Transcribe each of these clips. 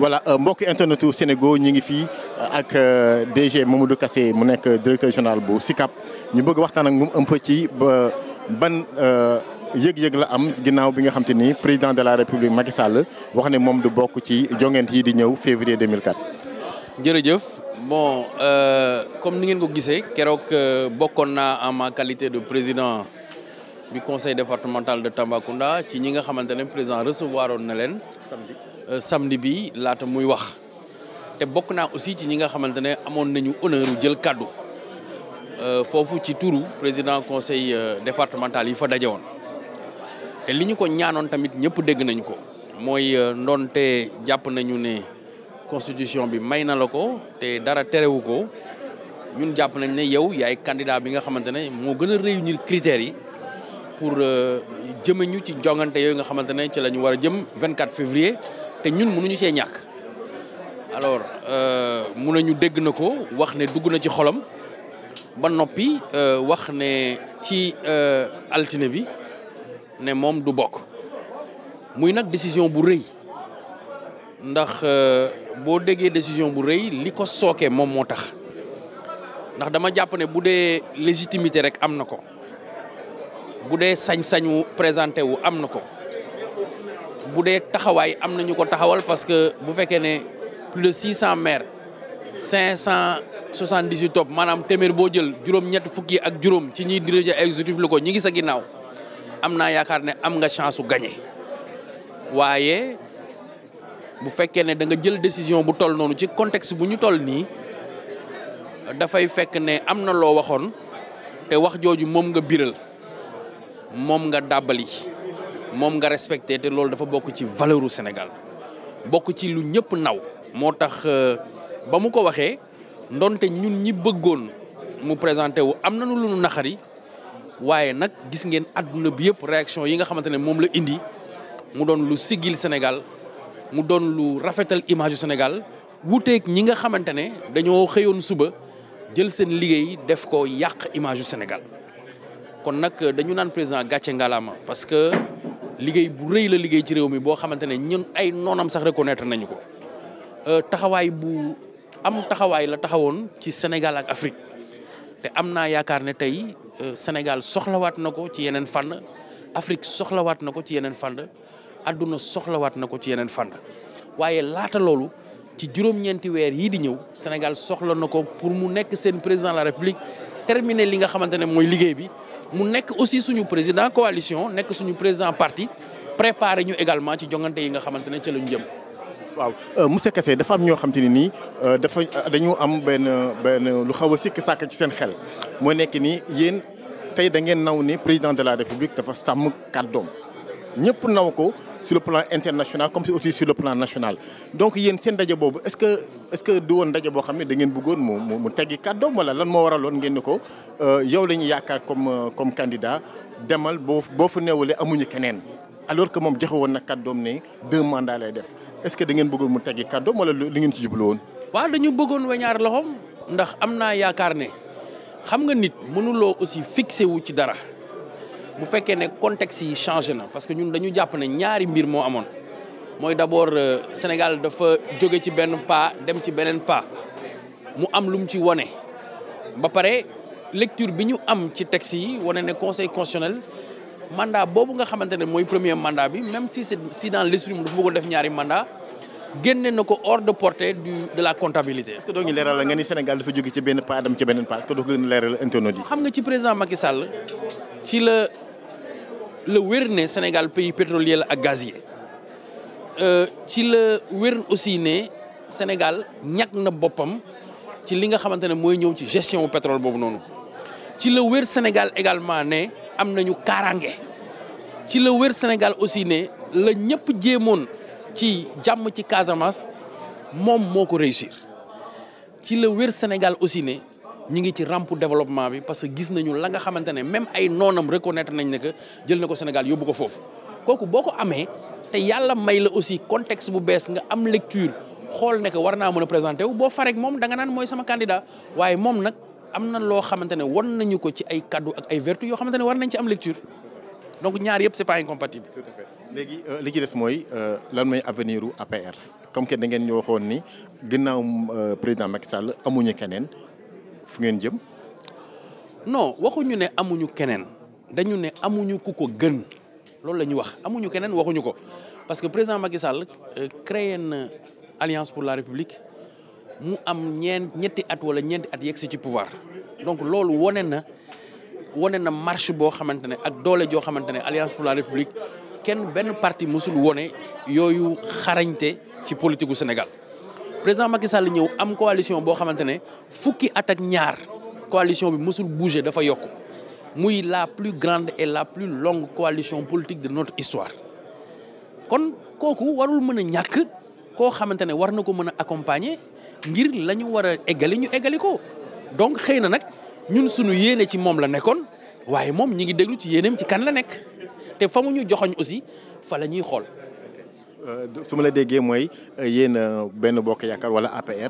voilà euh, mbokk internet u Sénégal ñi ngi fii euh, ak euh, DG Mamadou Kassé mu nekk directeur général bu SICAP ñu bëgg waxtaan ak moom un peu ci ba ban yëg-yëg la am ginnaaw bi nga xam ni président de la république Macky Sall wax ne moom du bokk ci jongent yi di ñëw février 2004. jërëjëf bon euh, comme ni ngeen ko gisee keroog bokkoon naa en ma qualité de président du conseil départemental de Tambacounda ci ñi nga xamante ne président recevoir woon na leen. samedi. Euh, samedi bi laata muy wax te bokk naa aussi ci ñi nga xamante ne amoon nañu honneur jël kàddu euh, foofu ci turu président conseil euh, départemental yi fa daje woon te li ñu ko ñaanoon tamit ñëpp dégg nañ ko mooy ndonte jàpp nañu ne constitution bi may na la ko te dara terewu ko ñun jàpp nañ ne yow yaay candidat bi nga xamante ne moo gën a réunir critères yi pour jëme ñu ci jongante yooyu nga xamante ne ci la ñu war a jëm 24 février te ñun mënuñu cee ñàkk alors euh, mun nañu dégg na ko wax ne dugg na ci xolam ba noppi euh, wax ne ci euh, altine bi ne moom du bokk muy nag décision bu rëy ndax boo déggee décision bu rëy li ko sookee moom moo tax ndax dama jàpp ne bu dee légitimité rek am na ko bu dee sañ-sañu présenté wu am na ko bu dee taxawaay am nañu ko taxawal parce que bu fekkee ne plus de 600 maires 578 topp maanaam téeméer boo jël juróom-ñett fukki ak juróom ci ñiy diriger exécutif lu ko ñi ngi sa ginnaaw am naa yaakaar ne am nga chance su gagné waaye bu fekkee ne da nga jël décision bu toll noonu ci contexte bu ñu toll nii dafay fekk ne am na loo waxoon te wax jooju moom nga biral moom nga dàbbali moom nga respecté te loolu dafa bokk ci valeuru Sénégal bokk ci lu ñëpp naw moo tax euh, ba mu ko waxee ndonte ñun ñi bëggoon mu présenté wu am nañu lu nu naxari waaye nag gis ngeen àdduna bi yëpp réaction yi nga xamante ne moom la indi mu doon lu siggil Sénégal mu doon lu rafetal image Sénégal wuteek ñi nga xamante ne dañoo xëyoon suba jël seen liggéey def ko yàq image Sénégal kon nag euh, dañu naan président gàcce ngalaama parce que liggéey bu rëy la liggéey ci réew mi boo xamante ne ñun ay noonam sax reconnaître nañu ko euh, taxawaay bu am taxawaay la taxawoon ci Sénégal ak Afrique te am naa yaakaar ne tey euh, Sénégal soxlawaat na ko ci yeneen fànn Afrique soxlawaat na ko ci yeneen fànn àdduna soxlawaat na ko ci yeneen fànn waaye laata loolu ci juróom-ñeenti weer yii di ñëw Sénégal soxla na ko pour mu nekk seen président de la République terminer li nga xamante ne mooy liggéey bi mu nekk aussi suñu président coalition nekk suñu président parti préparer ñu également ci jongante yi nga xamante ne ca la ñu jëm. waaw euh, monsieur Kessé dafa am ñoo xam te ne nii euh, dafa euh, dañu am benn benn lu xaw a sikk sàkk ci seen xel moo nekk nii yéen tey da ngeen naw ni président de la république dafa sàmm kàddoom. ñëpp naw ko sur le plan international comme aussi sur le plan national donc yéen seen daje boobu est-ce que est-ce que du woon daje boo xam ne da ngeen bëggoon mu mu mu teggi kàddoom wala lan moo waraloon ngeen ni ko euh, yow la ñu yaakaar comme euh, comme candidat demal boo boo fa neewulee amuñu keneen alors que moom joxewoon woon na doom ne deux mandats lay def est-ce que da ngeen bëggoon mu teggi kàddoom wala li ngeen ci jublu woon. waaw dañu bëggoon weñaar loxoom. ndax am naa yaakaar ne xam nga nit mënuloo aussi fixé wu ci dara. bu fekkee ne contexte yi changé na parce que ñun dañu jàpp ne ñaari mbir moo amoon mooy d'abord euh, Sénégal dafa jóge ci benn pas dem ci beneen pas mu am lu mu ci wane. ba pare lecture bi ñu am ci texte yi wane ne conseil constitutionnel mandat boobu nga xamante ne mooy premier mandat bi même si c'est si dans l'esprit mu dafa bëggoon def ko hors de du de la comptabilité. est-ce que doo ñu leeralal nga ni Sénégal dafa jóge ci benn pas dem ci beneen pas est yi. xam nga ci président Macky Sall ci la. la wér ne Sénégal pays pétrolier la ak gazier euh, ci la wér aussi ne Sénégal ñàkk na boppam ci li nga xamante ne mooy ñëw ci gestion wu pétrole boobu noonu ci la wér Sénégal également ne am nañu kaaraange ci la wér Sénégal aussi ne la ñëpp jéemoon ci jàmm ci Casamance moom moo ko réussir ci la wér Sénégal aussi ne ñi ngi ci rampu développement bi parce que gis nañu la nga xamante ne même ay noonam reconnaître nañ ne que jël na ko Sénégal yóbbu ko foofu kooku boo ko amee te yàlla may la aussi contexte bu bees nga am lecture xool ne war naa mën a présenté wu boo farek moom da nga naan mooy sama candidat waaye moom nag am na loo xamante ne wan nañu ko ci ay kaddu ak ay vertu yoo xamante ne war nañ ci am lecture donc ñaar yëpp c'est pas incompatible. tout à euh, li ci des mooy euh, lan mooy avenir u APR comme que da ngeen ñu waxoon ni ginnaaw euh, président Macky Sall amuñu keneen. fu ngeen jëm. non waxuñu ne amuñu keneen dañu ne amuñu ku ko gën loolu la ñu wax amuñu keneen waxuñu ko parce que président Macky Sall euh, créé na alliance pour la république mu am ñeent ñetti at wala ñeenti at yegsi ci pouvoir donc loolu wone na wone na marche boo xamante ne ak doole joo xamante ne alliance pour la république kenn benn partie musul wone yooyu xarañte ci politique Sénégal. président Macky Sall ñëw am coalition boo xamante ne fukki at ak ñaar coalition bi mësul bouger dafa yokk muy la plus grande et la plus longue coalition politique de notre histoire kon kooku warul mën a ñàkk koo xamante ne war na ko mën a accompagner ngir la ñu war a eggali ñu eggali ko donc xëy na nag ñun sunu yéene ci moom la nekkoon waaye moom ñi ngi déglu ci yéeneem ci kan la nekk te fa mu ñu joxoñ aussi fa la ñuy xool Euh, su ma la déggee mooy euh, yéen euh, benn bokk yaakaar wala APR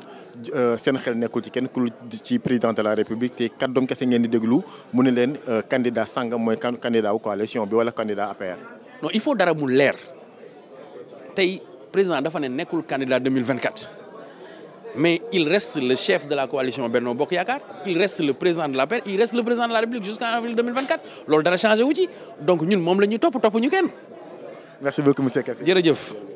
seen xel nekkul ci kenn ku ci président de la république te kàddoom kese ngeen di déglu mu ne leen candidat sangam mooy kan candidat wu coalition bi wala candidat APR. non il faut dara mu leer tey président dafa ne nekkul candidat 2024 mais il reste le chef de la coalition Benno Bokk Yaakaar il reste le président de la République jusqu'en avril 2024 dara changé wu ci donc ñun moom la topp topp ñu kenn. merci beaucoup monsieur Kassé jërëjëf.